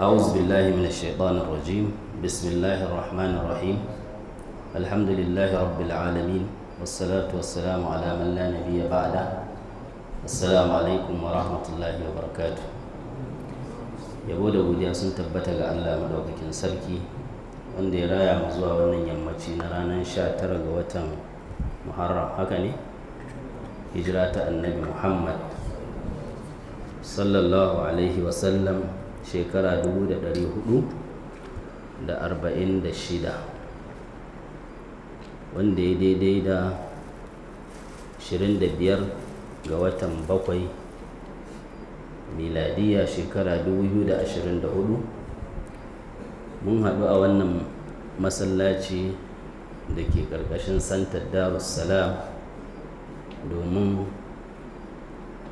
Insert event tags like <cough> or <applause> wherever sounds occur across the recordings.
أعوذ بالله من الشيطان الرجيم بسم الله الرحمن الرحيم الحمد لله رب العالمين والصلاة والسلام على من لا نبي بعده السلام عليكم ورحمة الله وبركاته yabo da godiya sun tabbata ga Allah madaukakin sarki wanda ya raya mu zuwa wannan yammaci na ranar tara ga watan Muharram haka ne hijira ta annabi Muhammad sallallahu alaihi shekara 446 wanda ya daidai da 25 ga watan 7 miladiya shekara 2024 mun haɗu a wannan masallaci da ke ƙarƙashin santar darussalam domin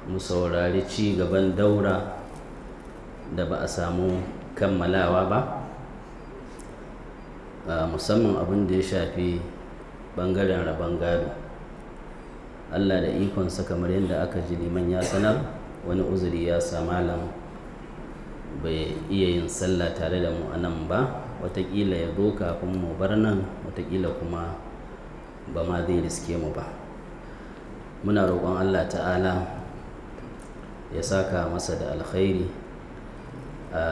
mu saurari ci gaban daura da ba a samu kammalawa ba A musamman abin da ya shafi bangaren rabon gado allah da ikonsa kamar yadda aka ji liman ya sanar wani uzuri ya malam bai iya yin sallah tare da mu a nan ba watakila ya zo kafin mu bar nan watakila kuma ba ma zai riske mu ba muna roƙon allah ta'ala ya saka masa da alkhairi A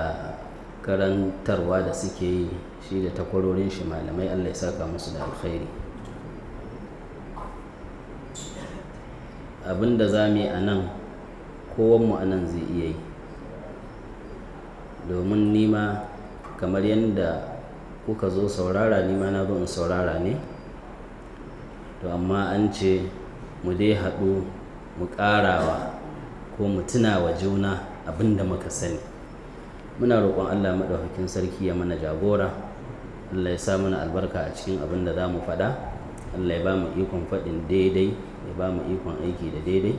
karantarwa da suke yi shi da takwarorin shi malamai allah ya saka musu da alkhairi abin da za mu yi a nan kowanmu a nan zai iya yi domin nima kamar yadda kuka zo saurara nima na in saurara ne to amma an ce mu dai haɗu mu ƙarawa ko mu tuna wa juna abin da muka sani muna roƙon Allah maɗaukakin sarki ya mana jagora Allah ya sa mana albarka a cikin abin da za mu faɗa Allah ya ba mu ikon faɗin daidai ya ba mu ikon aiki da daidai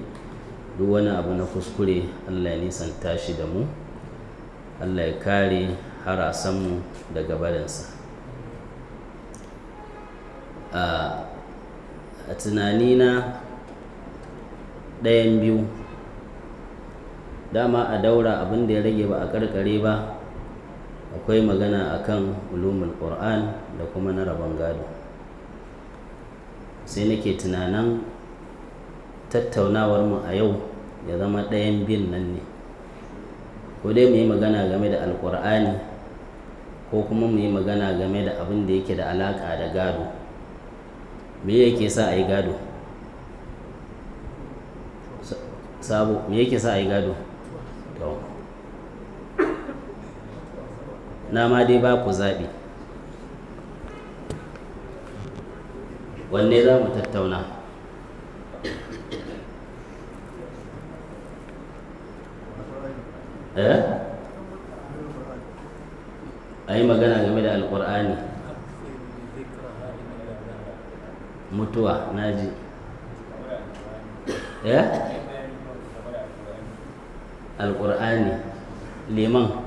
duk wani abu na kuskure Allah ya nisan tashi da mu Allah ya kare harasanmu daga barinsa a tunanina ɗayan biyu dama a daura abin da ya rage ba a karkare ba akwai magana a kan ulumul qur'an da kuma na rabon gado sai nake tunanin tattaunawar mu a yau ya zama ɗayan bin nan ne ko dai mu yi magana game da alkur'ani ko kuma mu yi magana game da abin da yake da alaƙa da gado me yake sa a yi gado sabo me yake sa a yi gado na ma dai ba ku zaɓi wanne za mu tattauna eh? a yi magana game da alkur'ani mutuwa na ji eh? alkur'ani liman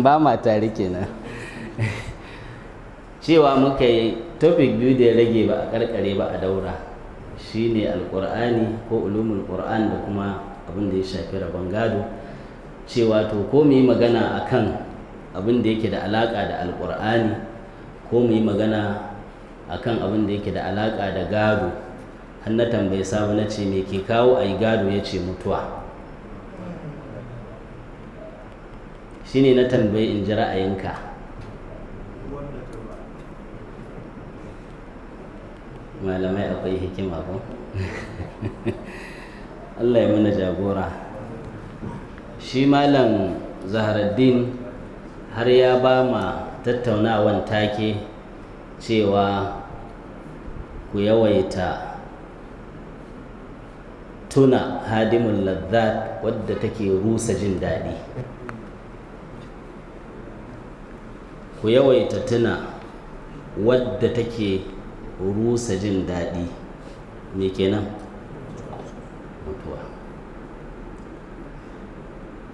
<laughs> ba ma tare kenan <laughs> cewa muka yi topic biyu da ya rage ba a karkare ba a daura shine alkur'ani ko ulumul qur'an da kuma abin da ya shafi rabon gado cewa to ko mu yi magana kan abin da yake da alaka da alkur'ani ko mu yi magana kan abin da yake da alaka da gado har na tambaye sabu na ce me ke kawo a yi gado ya ce mutuwa shine na tambayi in ji ra'ayinka malamai akwai hikima ko <laughs> Allah ya mana jagora shi malam zaharaddin har ya ba ma tattaunawan take cewa ku yawaita tuna hadimun lazzat wadda take rusa jin daɗi ku yawaita tuna wadda take rusa jin daɗi me kenan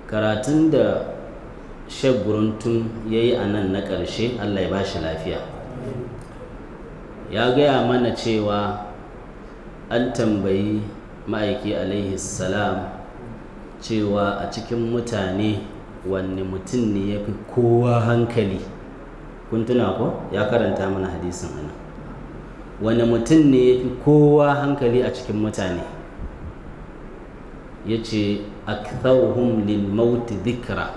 karatun da tun ya yi a nan na ƙarshe allah ya ba shi lafiya ya gaya mana cewa an tambayi ma'aiki alaihi salam cewa a cikin mutane wanne mutum ne ya fi kowa hankali kun tuna ko ya karanta mana hadisin ana wani mutum ne ya fi kowa hankali a cikin mutane ya ce akthauhum lil mauti dhikra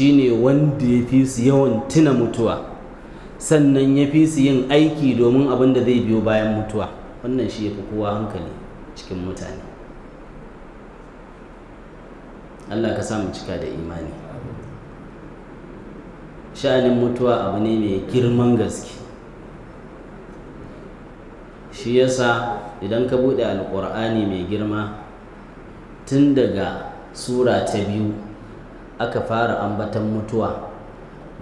ne wanda ya fi su yawan tuna mutuwa sannan ya fi su yin aiki domin abin da zai biyo bayan mutuwa wannan shi ya fi kowa hankali cikin mutane Allah ka samu cika da imani sha'anin mutuwa abu ne mai girman gaske shi yasa idan ka buɗe alƙur'ani mai girma tun daga sura ta biyu aka fara ambatan mutuwa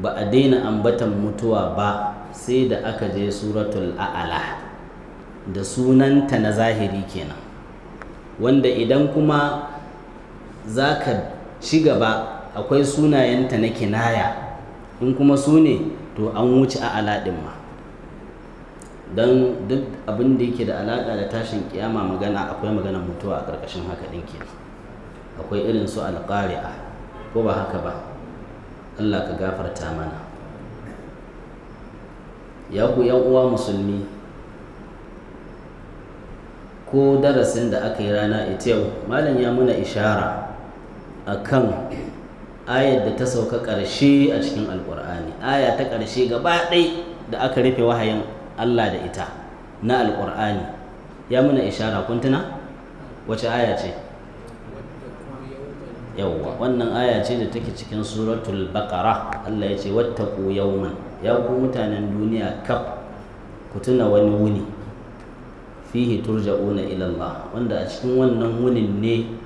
ba a daina ambatan mutuwa ba sai da aka je suratul a'ala da sunanta na zahiri kenan wanda idan kuma za ka ci gaba akwai sunayenta na kinaya in kuma su ne to an wuce a alaɗin ma don duk abin da yake da alaƙa da tashin kiyama magana akwai maganar mutuwa a ƙarƙashin haka ɗin ke akwai irin su alƙari'a ko ba haka ba allah ka gafarta mana ya ku yan uwa musulmi ko darasin da aka yi rana ita yau malam ya muna ishara akan ayar da ta sauka ƙarshe a cikin alƙur'ani aya ta ƙarshe gaba ɗai da aka rufe wahayin Allah da ita na alƙur'ani ya muna ishara kuntuna wacce aya ce yawwa wannan aya ce da take cikin suratul baqara Allah ya ce wattaqu yawman ya ku mutanen duniya kaf ku tuna wani wuni fihi turja'una ila Allah wanda a cikin wannan wunin ne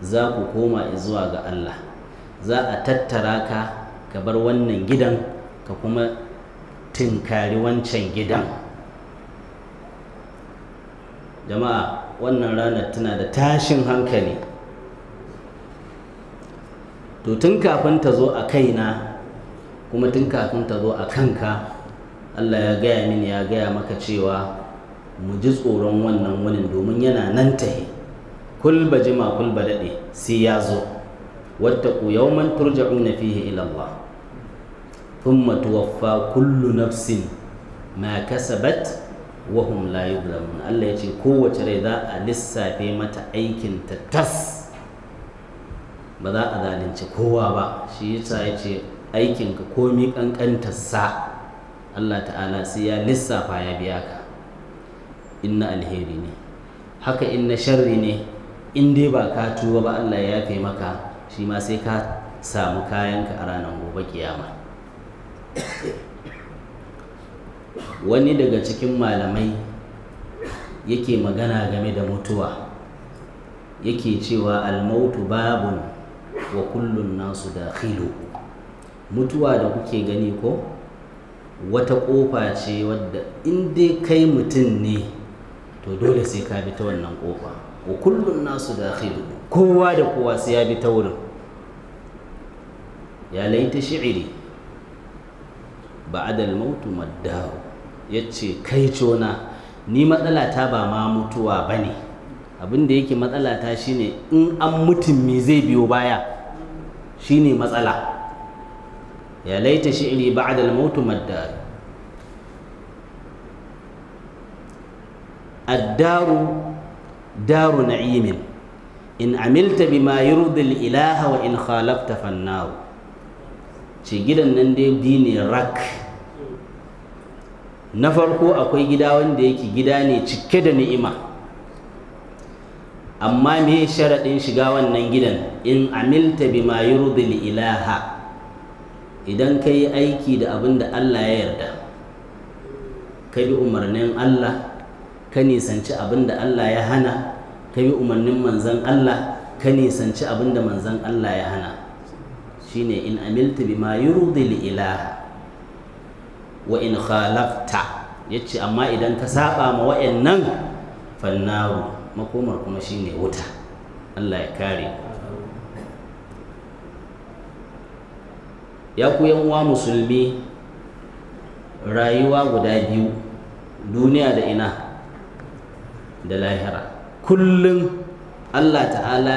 za ku koma zuwa ga Allah za a tattara ka ka bar wannan gidan ka kuma tinkari wancan gidan jama'a wannan ranar tana da tashin hankali to tun kafin ta zo a kaina kuma tun kafin ta zo a kanka allah ya gaya mini ya gaya maka cewa mu ji tsoron wannan wunin domin yana nan tahe kulba jima kulba daɗe sai ya zo wata yawman turja'una fihi ila Allah thumma tuwaffa kullu nafsin ma kasabat wa hum la yuzlamun Allah ya ce kowace rai za a lissafe mata aikin ta tas ba za a zalunci kowa ba shi yasa ya ce aikinka komi kankantar sa Allah ta'ala sai ya lissafa ya biya ka inna alheri ne haka inna sharri ne in dai ba ka tuwo ba Allah ya yafe maka shi ma sai ka samu kayanka a ranar gobe kiyama wani daga cikin malamai yake magana game da mutuwa yake cewa almautu babun wa kullun nasu dakhilu mutuwa da kuke gani ko wata kofa ce wadda inda kai mutum ne to dole sai ka bi ta wannan kofa wa kullun nasu dakhilu kowa da kowa sai ya bi ta wurin ya laita shi'iri ba adal mautu ya ce kai cona ni matsala ta ba ma mutuwa ne. abin da yake matsala ta ne in an mutum me zai biyo baya shine matsala ya laita shi'iri ba adal mautu maddawo addaru daru na'imin in amilta bima yurdil ilaha wa in khalafta fannahu ce gidan nan dai bi ne rak na farko akwai gida wanda yake gida ne cike da ni'ima amma me sharaɗin shiga wannan gidan in amilta bima yurdil ilaha idan ka yi aiki da abin da Allah ya yarda ka bi umarnin Allah ka nisanci abin da Allah ya hana ka bi umarnin manzan Allah ka nisanci abin da manzan Allah ya hana shine in bi ma yurdi li ilaha wa in khalafta yace amma idan ka saba ma wayannan fannaru makomar kuma shine wuta Allah ya kare ya ku yan musulmi rayuwa guda biyu duniya da ina da lahira kullum Allah ta'ala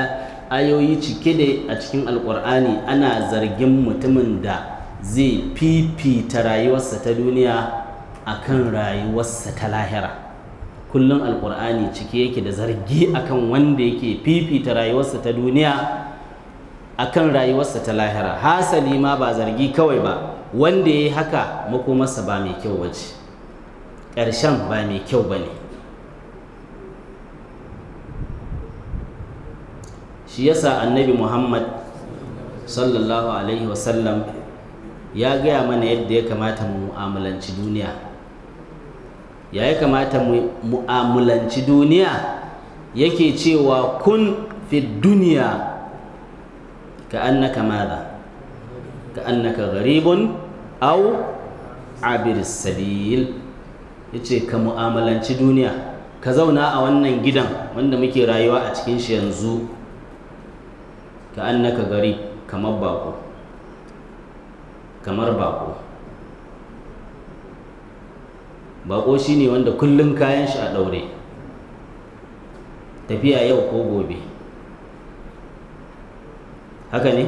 ayoyi cike da a cikin alkur'ani ana zargin mutumin da zai fifita rayuwarsa ta duniya akan rayuwarsa ta lahira kullum alkur'ani cike yake da zargi akan wanda yake fifita rayuwarsa ta duniya akan rayuwarsa ta lahira hasali ma ba zargi kawai ba wanda ya yi haka makomarsa ba mai kyau waje. ƙarshen ba mai kyau ba ne shi yasa annabi muhammad sallallahu alaihi wasallam ya gaya mana yadda ya kamata mu mu'amulanci duniya ya ya kamata mu mu'amulanci duniya yake cewa kun fi duniya ka annaka maza ka annaka garibun au abir sabil ya ce ka mu'amalanci duniya ka zauna a wannan gidan wanda muke rayuwa a cikin shi yanzu ka annaka gari kamar bako kamar bako bako shine wanda kullum kayan shi a daure tafiya yau ko gobe haka ne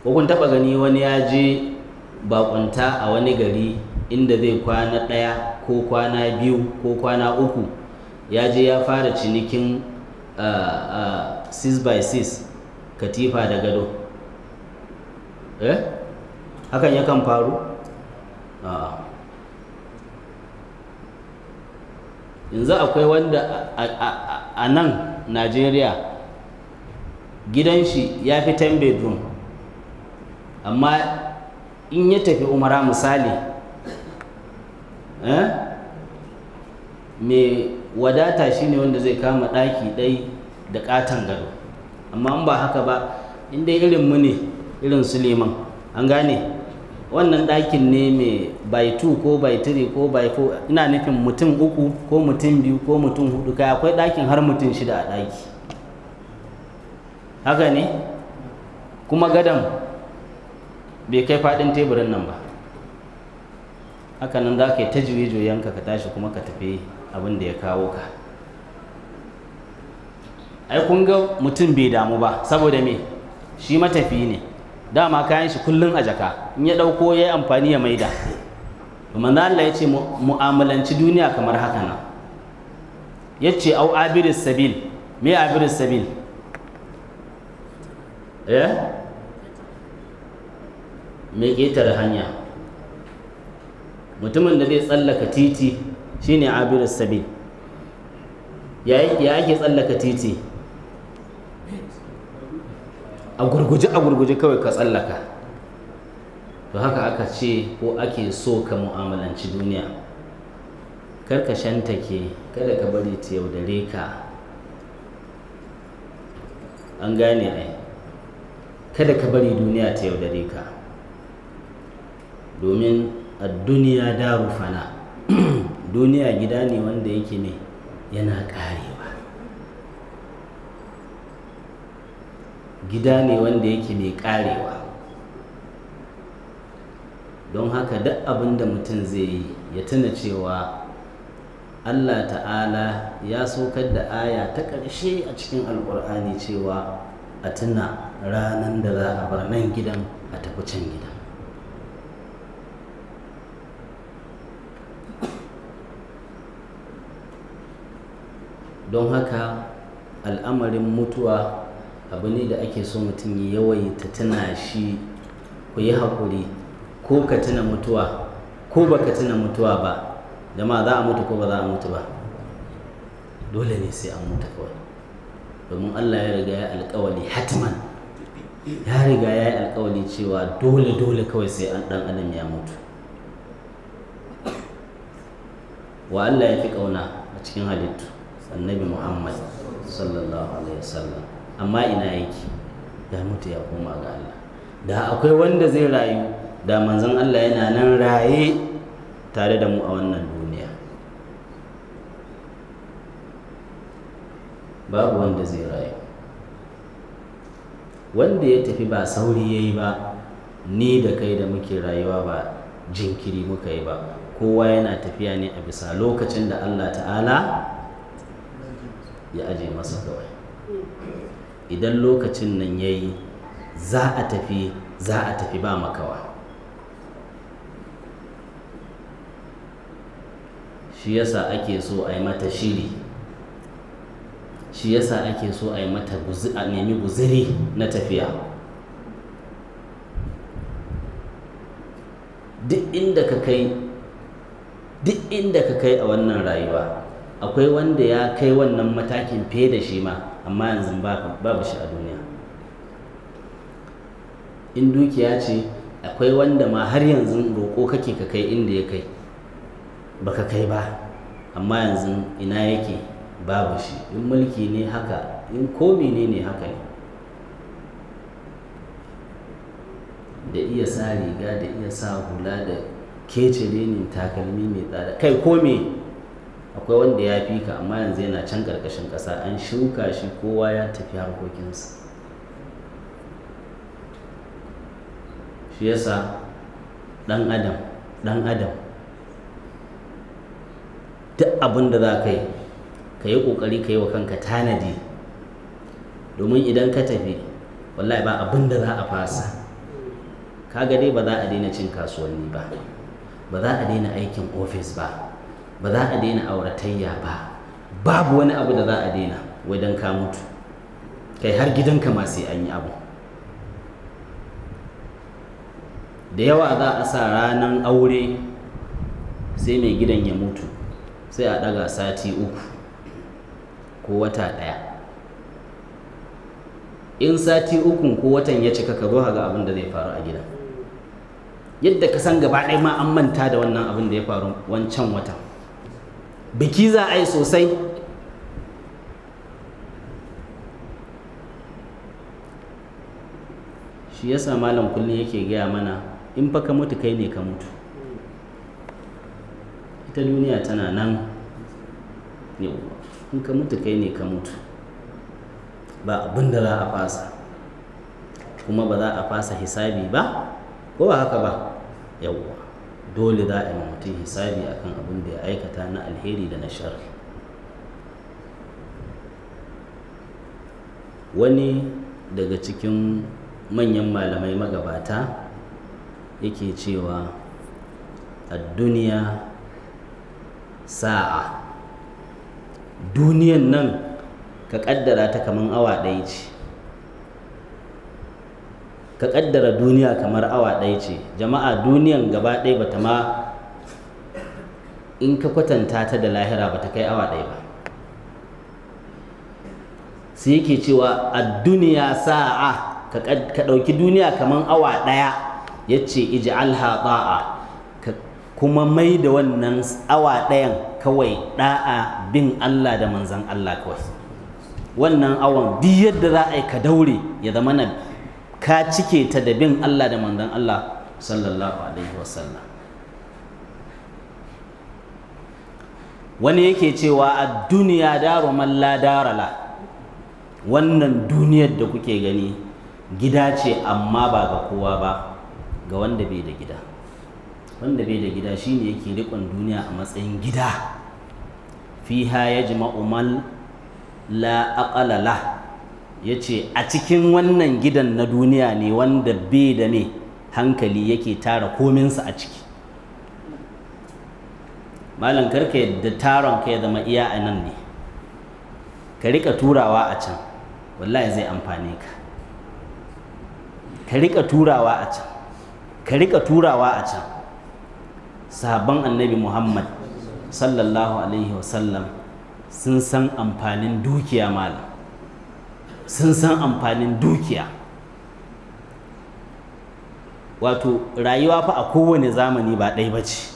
ko kun taba gani wani ya je bakunta a wani gari inda zai kwana ɗaya ko kwana biyu ko kwana uku ya je ya fara cinikin uh, uh, 6 by 6 katifa da gado eh hakan yakan faru a'a yanzu akwai wanda a nan najeriya gidan shi ya fi 10 bedroom amma in ya tafi umara misali eh? mai wadata shine wanda zai kama ɗaki ɗai da katon gado amma ba haka ba inda irin mu ne irin su an gane wannan ɗakin ne mai by two ko by three ko by four ina nufin mutum uku ko mutum biyu ko mutum hudu kai akwai ɗakin har mutum shida a ɗaki haka ne kuma gadon bai kai faɗin teburin nan ba haka nan za ka yi ta juye-juyenka ka tashi kuma ka tafi abinda ya kawo ka ai kun ga mutum bai damu ba saboda me shi matafi ne dama kayan shi kullun a jaka in ya dauko ya yi amfani ya maida to manzo Allah ya ce mu'amalanci duniya kamar haka nan ce au abiris sabil me abiris sabil eh me ketare hanya mutumin da zai tsallaka titi shine abiris sabil ya ake tsallaka titi a gurguje a gurguje kawai ka tsallaka to haka aka ce ko ake so ka mu'amalanci duniya kar ka shantake kada ka bari ta yaudare ka an gane ai kada ka bari duniya ta yaudare ka domin a duniya daru fana <clears throat> duniya gida ne wanda yake ne yana ƙarewa gida ne wanda yake mai karewa don haka duk abin da mutum zai yi ya tuna cewa allah ta'ala ya saukar da aya ta ƙarshe a cikin alƙur'ani cewa a tuna ranar da za a bar nan gidan a tafi can gidan don haka al'amarin mutuwa abu ne da ake so mutum ya yawaita tuna shi ku yi haƙuri ko ka tuna mutuwa ko ba ka tuna mutuwa ba jama'a za a mutu ko ba za a mutu ba dole ne sai an mutu kawai domin allah ya riga ya alƙawali hatman ya riga ya yi alƙawali cewa dole dole kawai sai an ɗan adam ya mutu wa allah ya fi ƙauna a cikin halittu annabi muhammad sallallahu alaihi wasallam amma ina yake ya mutu ya koma ga Allah da akwai wanda zai rayu da manzon Allah yana nan raye tare da mu a wannan duniya babu wanda zai rayu wanda ya tafi ba sauri ya yi ba ni da kai da muke rayuwa ba jinkiri muka yi ba kowa yana tafiya ne a bisa lokacin da Allah ta'ala ya aje masa kawai idan lokacin nan ya yi za a tafi za a tafi ba makawa shi yasa ake so a yi mata shiri shi yasa ake so a yi mata nemi guziri na tafiya duk inda ka kai duk inda ka kai a wannan rayuwa akwai wanda ya kai wannan matakin fiye da shi ma amma yanzu babu shi a duniya in dukiya ce akwai wanda ma har yanzu roƙo kake ka kai inda ya kai baka kai ba amma yanzu ina yake babu shi in mulki ne haka in komi ne ne haka ne da iya sa riga da iya sa hula da kece ne takalmi mai tsada kai ko akwai wanda ya fi ka amma yanzu yana can ƙarƙashin kasa an shuka shi kowa ya tafi harkokinsa shi yasa ɗan adam ɗan adam duk abin da za ka yi ka yi ƙoƙari ka yi wa kanka tanadi domin idan ka tafi wallahi ba abin da za a fasa ka dai ba za a daina cin kasuwanni ba ba za a daina aikin ofis ba ba za a daina auratayya ba babu wani abu da za a daina wajen ka mutu kai har gidanka ma sai an yi abu da yawa za a sa ranar aure sai mai gidan ya mutu sai a ɗaga sati uku ko wata ɗaya in sati uku ko watan ya cika ka zo ga abin da zai faru a gidan yadda ka san gaba ɗaya ma an manta da wannan abin da ya faru wancan watan biki za a yi sosai shi yasa malam kullum yake gaya mana in fa ka mutu kai ne ka mutu ita duniya tana nan yawwa in ka mutu kai ne ka mutu ba abin da za a fasa kuma ba za a fasa hisabi ba ko ba haka ba yawwa dole za a yi mutum hisabi a kan abin da ya aikata na alheri da na shari. wani daga cikin manyan malamai magabata yake cewa a duniya sa'a duniyan nan ka kaddara ta kaman awa ɗaya ce ka kaddara duniya kamar awa ɗaya ce jama'a duniyan gaba ɗaya bata ma in ka kwatanta ta da lahira bata kai awa ɗaya ba sai yake cewa a duniya sa'a ka ɗauki duniya kamar awa ɗaya ya ce iji alhaɗa'a kuma mai da wannan awa ɗayan kawai ɗa'a bin Allah da manzan Allah kawai wannan awon duk yadda za a yi ka daure ya zama na ka cike ta da bin Allah da mandan Allah sallallahu alaihi wasallam wani yake cewa a duniya daro man darala wannan duniyar da kuke gani gida ce amma ba ga kowa ba ga wanda bai da gida wanda bai da gida shine yake rikon duniya a matsayin gida fiha yajma'u mal la aqala ya ce a cikin wannan gidan na duniya ne wanda be da me hankali yake tara kominsa a ciki malam karka yadda taron ka ya zama iya a nan ne ka rika turawa a can wallahi zai amfane ka ka rika turawa a can ka rika turawa a can sahabban annabi muhammad sallallahu alaihi wasallam sun san amfanin dukiya malam sun san amfanin dukiya wato rayuwa fa a kowane zamani ba ɗai ba ce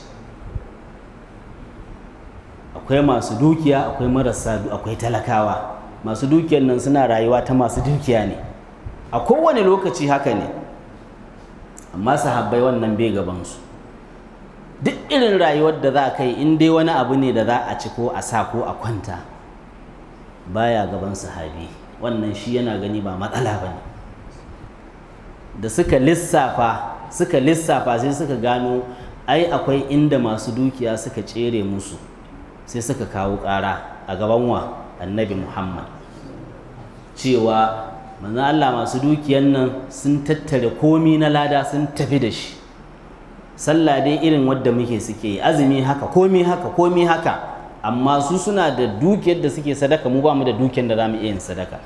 akwai masu dukiya akwai marasa akwai talakawa masu dukiyar nan suna rayuwa ta masu dukiya ne a kowane lokaci haka ne amma sahabbai wannan bai gabansu duk irin rayuwar da za ka yi in dai wani abu ne da za a ci ko a sa ko a kwanta baya gaban sahabi wannan shi yana gani ba matsala ba ne da suka lissafa suka lissafa sai suka gano ai akwai inda masu dukiya suka cere musu sai suka kawo ƙara a gaban wa annabi muhammad cewa manzan allah masu dukiyan nan sun tattare komi na lada sun tafi da shi sallah dai irin wadda muke suke yi azumi haka komi haka komi haka amma su suna da dukiyar da suke sadaka mu ba mu da dukiyar da zamu iya yin sadaka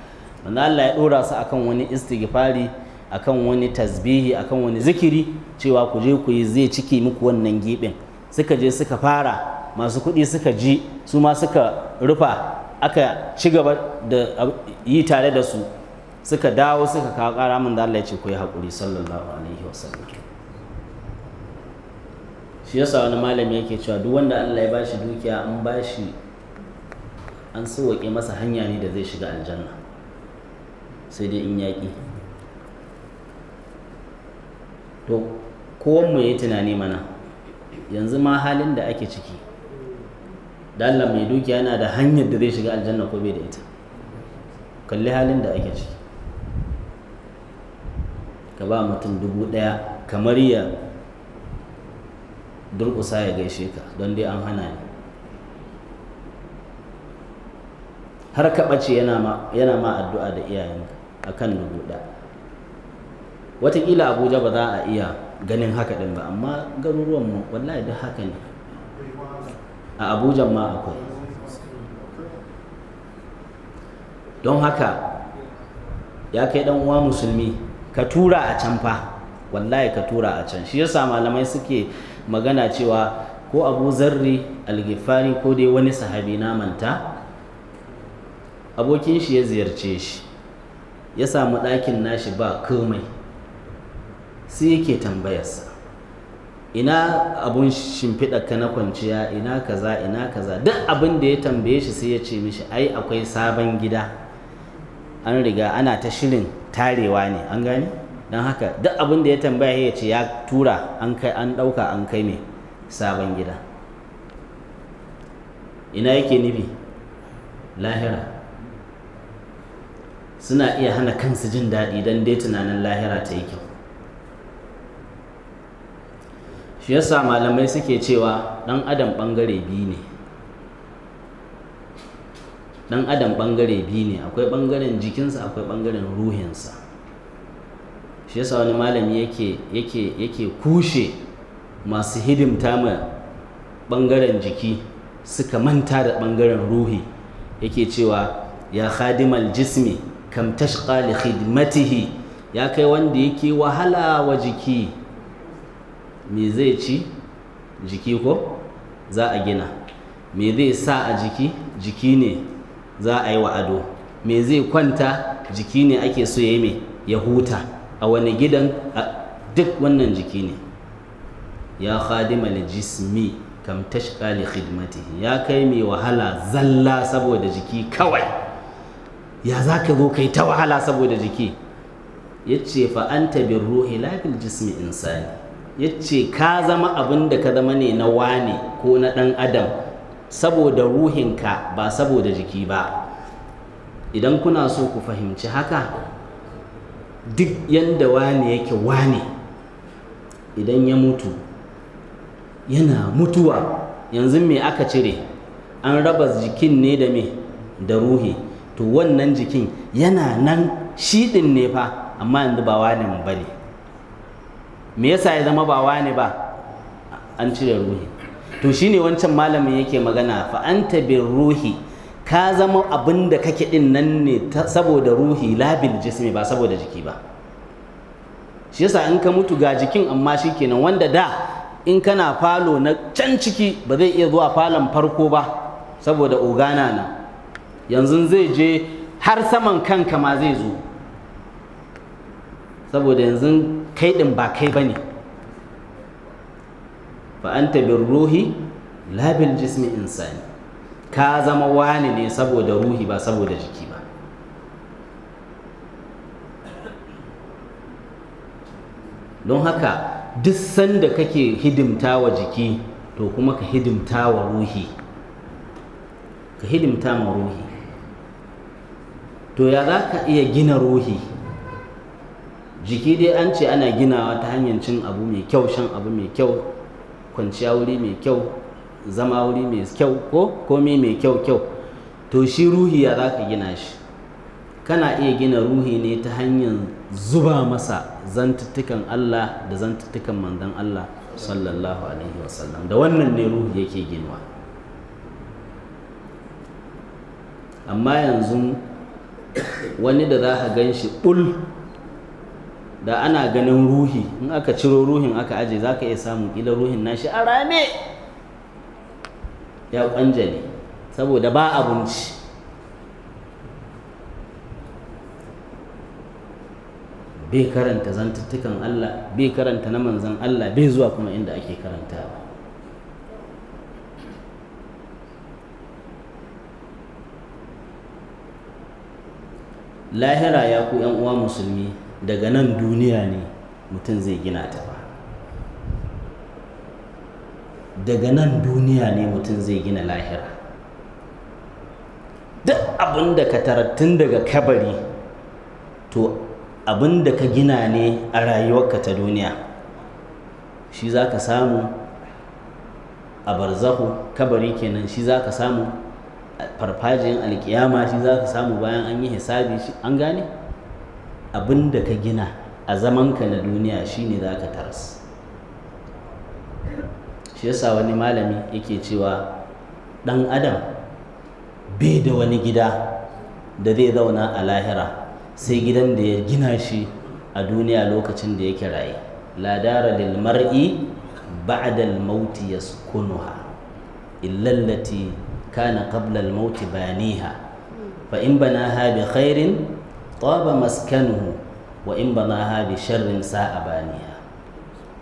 manzo Allah ya dora su akan wani istighfari akan wani tasbihi akan wani zikiri cewa ku je ku yi zai ciki muku wannan gibin suka je suka fara masu kuɗi suka ji su ma suka rufa aka ci gaba da yi tare da su suka dawo suka kawo ƙara min da Allah ya ce ku yi hakuri sallallahu alaihi wasallam shi yasa wani malami yake cewa duk wanda Allah ya bashi dukiya an bashi an sauke masa hanya ne da zai shiga aljanna sai dai in yaƙi to kowanne ya tunani mana yanzu ma halin da ake ciki da Allah mai dukiya yana da hanyar da zai shiga aljanna ko bai da ita kalli halin da ake ciki ka ba mutum dubu ɗaya kamar ya durƙusa ya gaishe ka don dai an hana ni har ka ɓace yana ma addu'a da iyayenka a kan luguɗa watakila abuja ba za a iya ganin haka ɗin ba amma garuruwan mu wallahi duk haka ne a abuja ma akwai don haka ya kai ɗan uwa musulmi ka tura a can fa wallahi ka tura a can shi yasa malamai suke magana cewa ko abu zarri algifari ko dai wani sahabi na manta abokin shi ya ziyarce shi ya samu ɗakin nashi ba komai sai yake tambayarsa ina abun shimfiɗa ka na kwanciya ina kaza ina kaza duk abin da ya tambaye shi sai ya ce mishi ai akwai sabon gida an riga ana ta shirin tarewa ne an gane don haka duk abin da ya tambaya ya ce ya tura an kai an ɗauka an kai mai sabon gida ina yake nufi lahira suna iya hana kansu jin daɗi don dai tunanin lahira ta yi kyau shi yasa malamai suke cewa ɗan adam ɓangare biyu ne ɗan adam ɓangare biyu ne akwai ɓangaren jikinsa akwai ɓangaren ruhinsa shi yasa wani malami yake yake yake kushe masu hidimta ma bangaren jiki suka manta da bangaren ruhi yake cewa ya khadimal jismi kam tashqa li khidmatihi ya kai wanda yake wahala wa jiki me zai ci jiki ko za a gina me zai sa a jiki jiki ne za a yi wa ado me zai kwanta jiki ne ake so ya yi ya huta a wani gidan duk wannan jiki ne ya khadima li jismi kam tashqa li khidmatihi ya kai mai wahala zalla saboda jiki kawai ya zaka zo kai ta wahala saboda jiki yace fa anta bir ruhi la bil jismi insani yace ka zama abin da ka zama ne na wane ko na ɗan adam saboda ruhinka ba saboda jiki ba idan kuna so ku fahimci haka duk yadda wane yake wane idan ya mutu yana mutuwa yanzu me aka cire an raba jikin ne da me da ruhi to wannan jikin yana nan shiɗin ne fa amma yanzu ba wane mu bane me yasa ya zama ba wane ba an cire ruhi to shine wancan malamin yake magana fa anta ruhi ka zama abin da kake din nan ne saboda ruhi labin, jismi ba saboda jiki ba shi yasa in ka mutu ga jikin amma shi kenan wanda da in kana falo na can ciki ba zai iya zuwa falon farko ba saboda ogana na yanzu zai je har saman kanka ma zai zo saboda yanzu kai din ba kai ba ne an anta ruhi labin, jismi insani ka zama wani ne saboda ruhi ba saboda jiki ba don haka duk sanda kake hidimta wa jiki to kuma ka hidimta wa ruhi ka hidimta ma ruhi to ya za ka iya gina ruhi jiki dai an ce ana ginawa ta hanyar cin abu mai kyau shan abu mai kyau kwanciya wuri mai kyau zama wuri mai kyau ko komai mai kyau kyau to shi ruhi ya za ka gina shi kana iya gina ruhi ne ta hanyar zuba masa zantuttukan Allah da zantuttukan manzan Allah sallallahu alaihi wasallam da wannan ne ruhi yake ginuwa amma yanzu wani da za ka gan shi ɓul da ana ganin ruhi in aka ciro ruhin aka aje za ka iya samun ƙila ruhin nashi a rame ya kwanjale saboda ba abinci bai karanta zantattukan Allah bai karanta na manzan Allah bai zuwa kuma inda ake karanta ba lahira ya ku uwa musulmi daga nan duniya ne mutum zai gina ta ba daga nan duniya ne mutum zai gina lahira duk abin da ka tarattun daga kabari to abin da ka gina ne a rayuwarka ta duniya shi za ka samu a barzahu kabari kenan shi za ka samu farfajiyar alkiyama shi za ka samu bayan an yi hisabi an gane abin da ka gina a zamanka na duniya shi ne za ka taras shi yasa wani malami yake cewa ɗan adam bai da wani gida da zai zauna a lahira sai gidan da ya gina shi a duniya lokacin da yake raye ladara lil mar'i ba'da mauti yaskunuha illa allati kana qabla al mauti baniha fa in banaha bi khairin taba maskanuhu wa in banaha bi sharrin sa'a baniha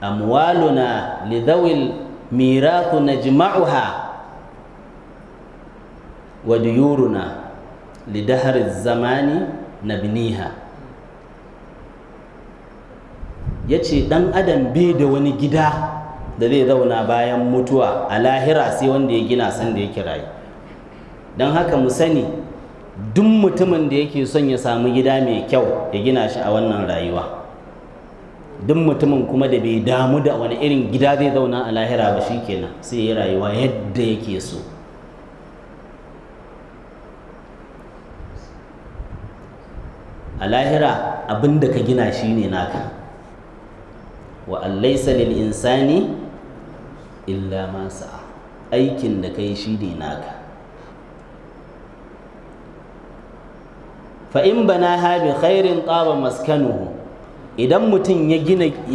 amwaluna li dhawil miraku najma'uha wa duyuruna lidahar zamani biniha ya ce ɗan adam bai da wani gida da zai zauna bayan mutuwa a lahira sai wanda ya gina sanda ya kirayi don haka mu sani duk mutumin da yake son ya samu gida mai kyau ya gina shi a wannan rayuwa duk mutumin kuma da bai damu da wani irin gida zai zauna a lahira ba shi kenan sai ya rayuwa yadda yake so a lahira abin da ka gina shi ne naka wa allaisa lil insani illa ma sa'a aikin da kai shi ne naka fa in bana ha bi khairin qaba maskanuhu idan mutum ya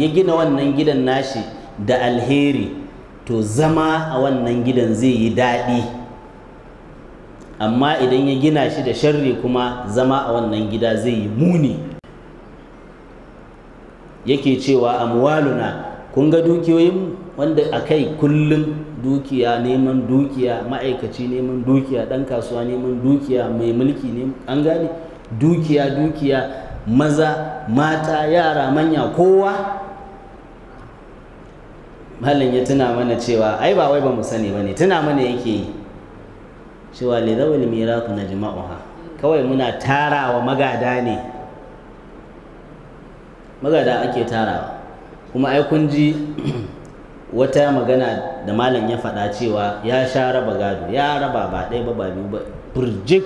gina wannan gidan nashi da alheri to zama a wannan gidan zai yi daɗi amma idan ya gina shi da sharri kuma zama a wannan gida zai yi muni yake cewa amwaluna kun ga dukiyoyin wanda a kai kullum dukiya neman dukiya ma'aikaci neman dukiya ɗan kasuwa neman dukiya mai mulki neman an gane dukiya dukiya maza mata yara manya kowa Mallan ya tuna mana cewa ai ba wai ba mu sani ba ne tuna mana yake yi cewa li zawil miraku na kawai muna tarawa magada ne magada ake tarawa kuma ai kun ji <clears throat> wata magana da malam ya faɗa cewa ya sha raba gado ya raba ba ɗaya ba ba biyu ba burjik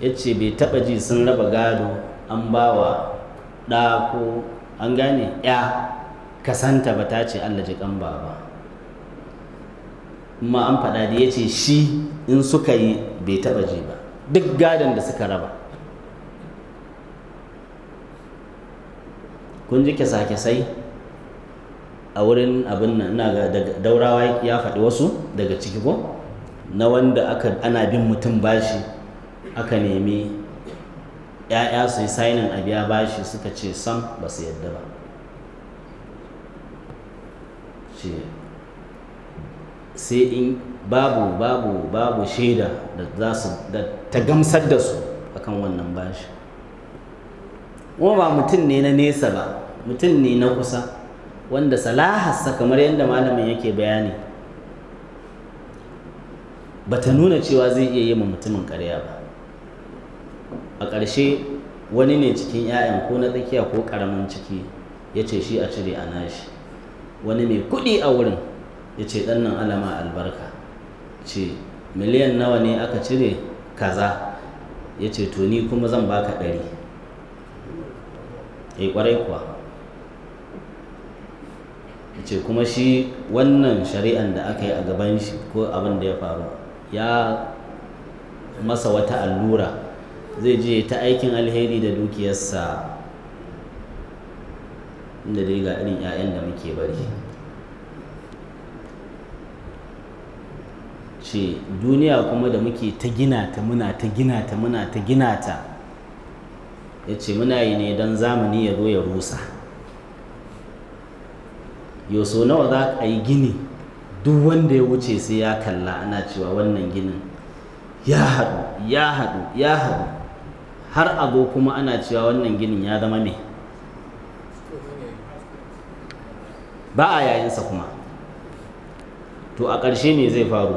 ya ce bai taba ji sun raba gado an ba wa ɗa ko an gane ya kasanta ba ta ce allah ji kan baba kuma an faɗa da ya ce shi in suka yi bai taɓa ji ba duk gadon da suka raba kun ji kyasa-kyasai a wurin abin nan ga daurawa ya faɗi wasu daga ciki ko na wanda aka ana bin mutum bashi aka nemi ‘ya'ya su yi sainin a biya bashi suka ce sam ba su yadda ba sai in babu babu babu shaida da za su da ta gamsar da su akan wannan bashi kuma ba mutum ne na nesa ba mutum ne na kusa wanda salahassa kamar yadda malamin yake bayani ba ta nuna cewa zai iya yi ma mutumin karya ba a ƙarshe wani ne cikin 'ya'yan ko na tsakiya ko ƙaramin ciki ya ce shi a cire a nashi wani mai kuɗi a wurin ya ce ɗan nan alama albarka ce miliyan nawa ne aka cire kaza ya ce to ni kuma zan baka ɗari ya eh, ƙwarai kuwa ya ce kuma shi wannan shari'an da aka yi a gaban shi ko abin da ya faru ya masa wata allura zai je ta aikin alheri da dukiyarsa inda dai ga irin 'ya'yan da muke bari ce duniya kuma da muke ta gina ta muna ta gina ta muna ta gina ta ya ce muna yi ne don zamani ya zo ya rusa yau so nawa za a yi gini duk wanda ya wuce sai ya kalla ana cewa wannan ginin ya haɗu ya haɗu ya haɗu har abu kuma ana cewa wannan ginin ya zama ne ba a yayinsa kuma to a ƙarshe ne zai faru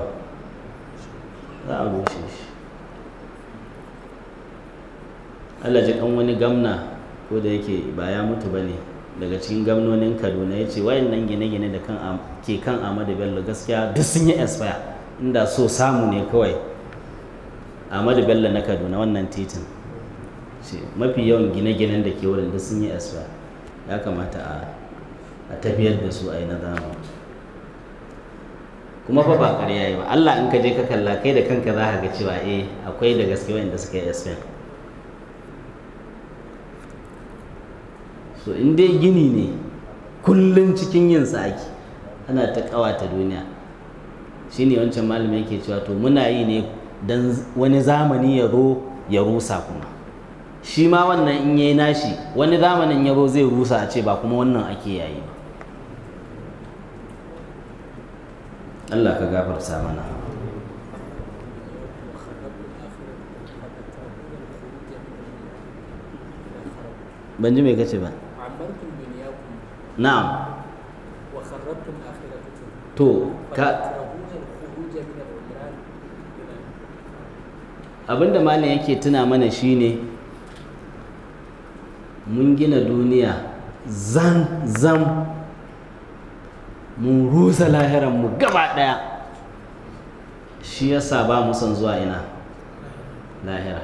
za a rushe shi Allah wani gamna ko da yake ba ya mutu ba ne daga cikin gamnonin kaduna ya ce wayannan gine-gine da ke kan amadu bello gaskiya duk sun yi inda so samu ne kawai amadu bello na kaduna wannan titin mafi yawan gine-ginen da ke wadanda sun yi asfa ya kamata a tafiyar da su a yi na zamani kuma fa ba ƙarya yi ba Allah in ka je ka kalla kai da kanka za ka ga cewa eh akwai da gaske wanda suka yi asfa so in dai gini ne kullum cikin yin saki ana ta ƙawata duniya shine wancan malamin yake cewa to muna yi ne dan wani zamani ya zo ya rusa kuma shi ma wannan in yayi nashi wani zamanin ya zo zai rusa a ce ba kuma wannan ake yayi ba Allah ka gafarta mana ban ji mai kace ba na'am to ka abinda malam yake tuna mana shine mun gina duniya zan zan mun rusa mu gaba ɗaya shi yasa ba mu son zuwa ina lahira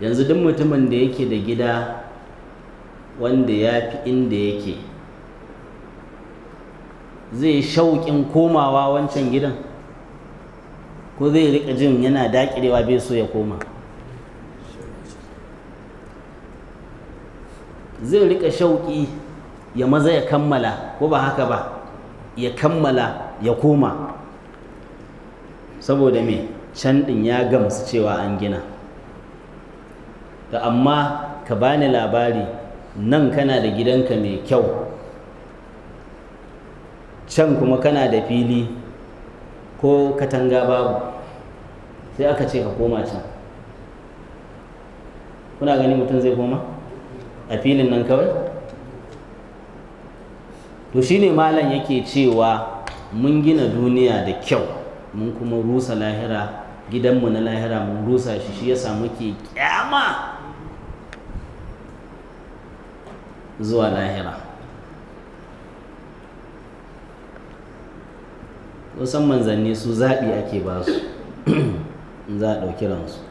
yanzu duk mutumin da yake da gida wanda ya fi inda yake zai shauƙin komawa wancan gidan ko zai riƙa jin yana daƙirewa bai so ya koma zai rika shauƙi ya maza ya kammala ko ba haka ba ya kammala ya koma saboda me can ɗin ya gamsu cewa an gina da amma ka bani labari nan kana da gidanka mai kyau can kuma kana da fili ko katanga babu sai aka ce ka koma can kuna gani mutum zai koma? a filin nan kawai to shine malam yake cewa mun gina duniya da kyau mun kuma rusa lahira gidanmu na lahira mun rusa shi shi yasa muke kyama zuwa lahira musamman zanne su zaɓi ake ba su <clears throat> za a ɗauki ransu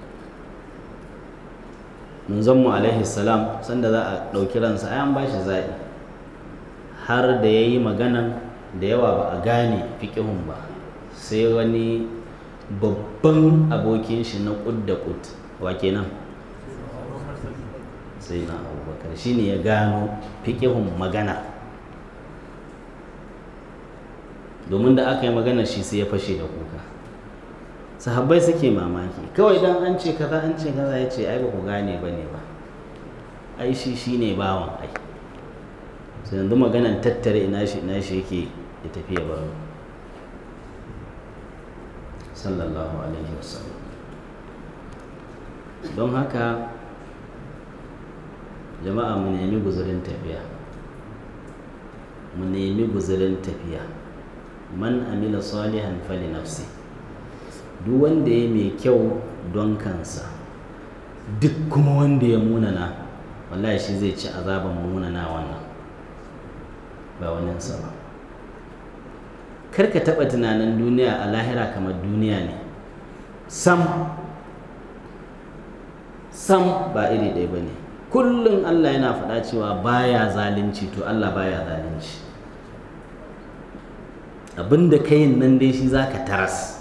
manzon mu alaihi salam sanda za a ɗauki ransa ai an ba shi zaɓi har da yayi magana da yawa ba a gane fiƙihun ba sai wani babban abokin shi na ƙud da wa kenan sai na abubakar shine ne ya gano fiƙihun magana domin da aka yi magana shi sai ya fashe da kuka sahabbai suke mamaki kawai dan an ce kaza an ce kaza ya ce ai ba ku gane ba ne ba ai shi shi ne bawan ai sai yanzu maganan tattare ina shi ina shi yake ya tafi ya baro sallallahu alaihi wasallam don haka jama'a mu nemi guzurin tafiya mu nemi guzurin tafiya man amila salihan fali nafsi duk wanda ya mai kyau don kansa duk kuma wanda ya munana wallahi shi zai ci azaban munana wannan ba wani ba kar ka taɓa tunanin duniya a lahira kamar duniya ne sam sam ba iri ɗaya ba ne kullum allah yana faɗa cewa baya zalunci to allah baya zalunci abinda kayin nan dai shi za ka taras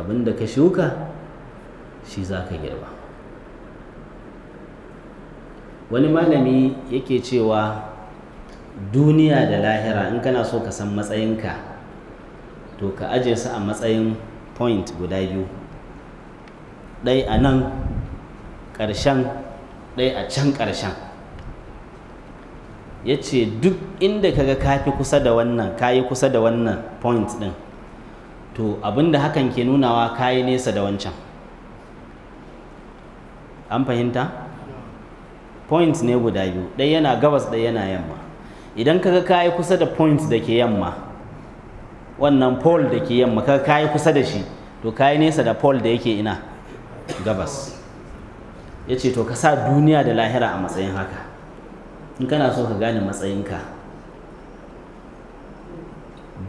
abinda ka shuka shi za ka girba wani malami yake cewa duniya da lahira in kana so ka san matsayinka to ka aje su a matsayin point guda biyu ɗai a nan ƙarshen ɗai a can ƙarshen ya ce duk inda ka kaga kafi kusa da wannan kayi kusa da wannan point ɗin to abinda hakan ke nunawa kayi nesa da wancan an fahimta point ne guda biyu ɗaya yana gabas ɗaya yana yamma idan kaga kayi kusa da point da ke yamma wannan pole da ke yamma kaga kayi kusa da shi to kayi nesa da pole da yake ina gabas ya to ka duniya da lahira a matsayin haka in kana so ka gane matsayinka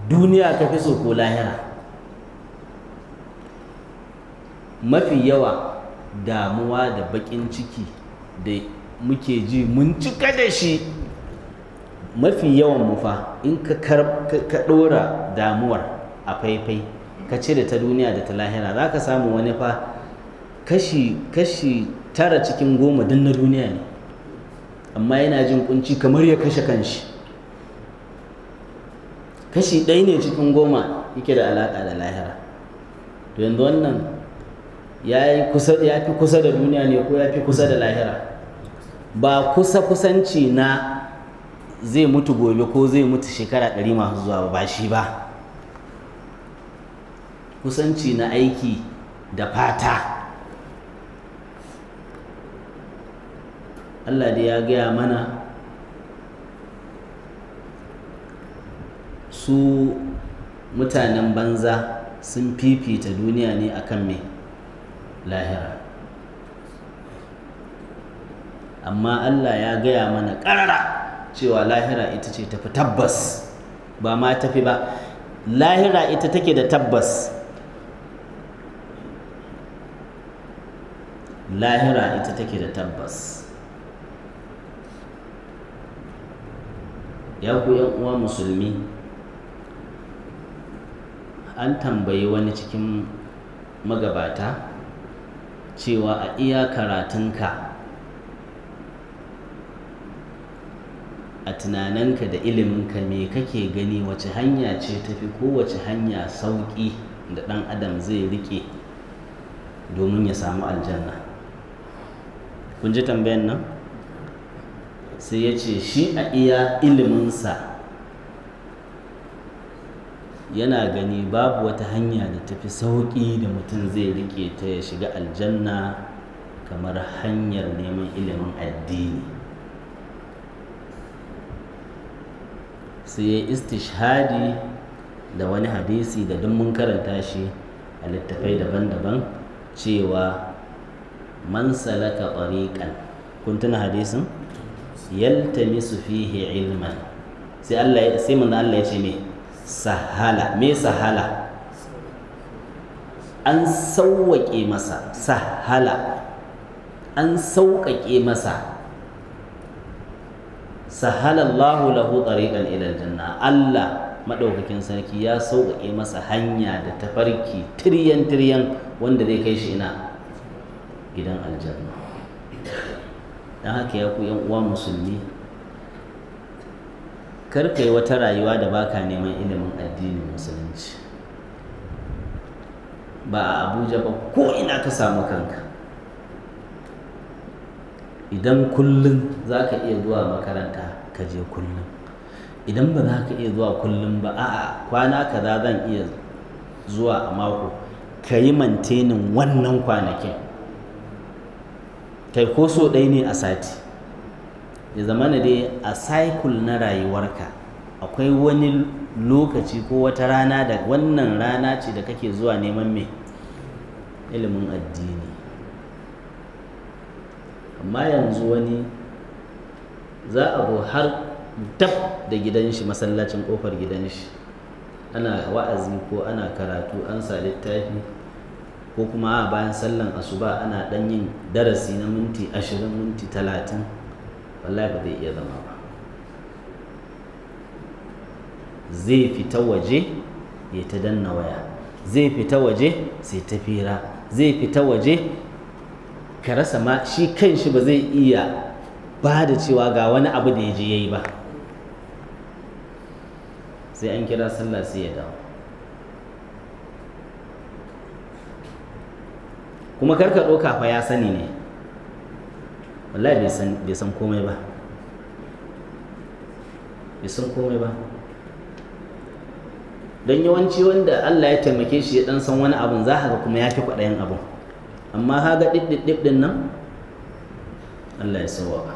duniya ka fi so ko lahira mafi yawa damuwa da bakin ciki da muke ji mun cika da shi mafi yawan mufa in ka ɗora damuwar a faifai ka cire ta duniya da ta lahira za ka samu wani fa kashi kashi tara cikin goma don na duniya ne amma yana jin kunci kamar ya kashe kanshi kashi ɗaya ne cikin goma yake da alaƙa da lahira to yanzu wannan ya fi kusa da duniya ne ko ya fi kusa da lahira ba kusa kusanci na zai mutu gobe ko zai mutu shekara ɗari masu zuwa ba shi ba kusanci na aiki da fata Allah da ya gaya mana su mutanen banza sun fifita duniya ne akan mai lahira amma Allah ya gaya mana karara cewa lahira ita ce tafi tabbas ba ma tafi ba lahira ita take da tabbas lahira ita take da tabbas ya ku uwa musulmi an tambayi wani cikin magabata cewa a iya karatunka a tunaninka da iliminka me kake gani wace hanya ce tafi kowace hanya sauƙi da ɗan adam zai riƙe domin ya samu aljanna kun ji tambayan nan sai ya ce shi a iya iliminsa yana gani babu wata hanya da tafi sauƙi da mutum zai riƙe ta ya shiga aljanna kamar hanyar neman ilimin addini sai ya istishhadi da wani hadisi da duk mun karanta shi a littafai daban-daban cewa man salaka tariqan kun tuna hadisin yaltamisu fihi ilman sai Allah sai Allah ya ce me sahala me sahala an sauwaƙe masa sahala an sauƙaƙe masa Allahu lahu tariqan ilal janna Allah maɗaukakin sarki ya sauƙaƙe masa hanya da tafarki tiryan tiryan wanda zai kai shi ina gidan aljanna dan haka ya ku yan uwa musulmi kar ka yi wata rayuwa da baka neman ilimin addinin musulunci ba a abuja ba ko ina ka samu kanka idan kullum za ka iya zuwa makaranta ka je kullum idan ba za ka iya zuwa kullum ba a'a kwana ka za zan iya zuwa a mako ka yi mantenin wannan kwanakin kai ko so ɗaya ne a sati ya zama na dai a cycle na rayuwarka akwai wani lokaci ko wata rana da wannan rana ce da kake zuwa neman mai ilimin addini amma yanzu wani za a go har dab da gidan shi masallacin kofar gidan shi ana wa'azi ko ana karatu an sa littafi ko kuma a bayan sallan asuba ana ɗan yin darasi na minti ashirin minti talatin wallahi ba zai iya zama ba zai fita waje ya ta danna waya zai fita waje sai ta fira zai fita waje ka rasa ma shi kan shi ba zai iya ba da cewa ga wani abu da ya je ya yi ba sai an kira sallah sai ya dawo kuma karka ɗauka fa ya sani ne wallahi bai san komai ba bai san komai ba don yawanci wanda Allah ya taimake shi ya dan san wani abun za ga kuma ya fi kwaɗayin abu amma haga ɗiɗɗiɗɗiɗ din nan Allah ya sauwa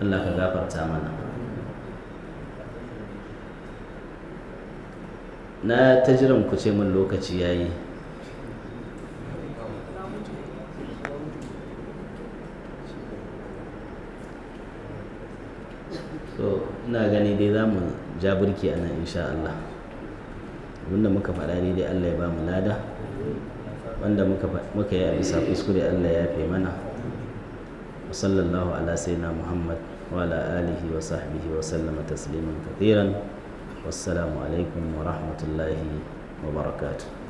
Allah ka gafarta mana na ta jiran ku ce min lokaci yayi ina gani dai za mu ja birki a nan insha Allah abinda muka faɗa ne dai Allah ya ba mu lada wanda muka yi a bisa kuskure Allah ya fi mana sallallahu ala sayyidina Muhammad wa ala alihi wa sahbihi wa sallama tasliman kathiran wassalamu alaikum wa rahmatullahi wa barakatuh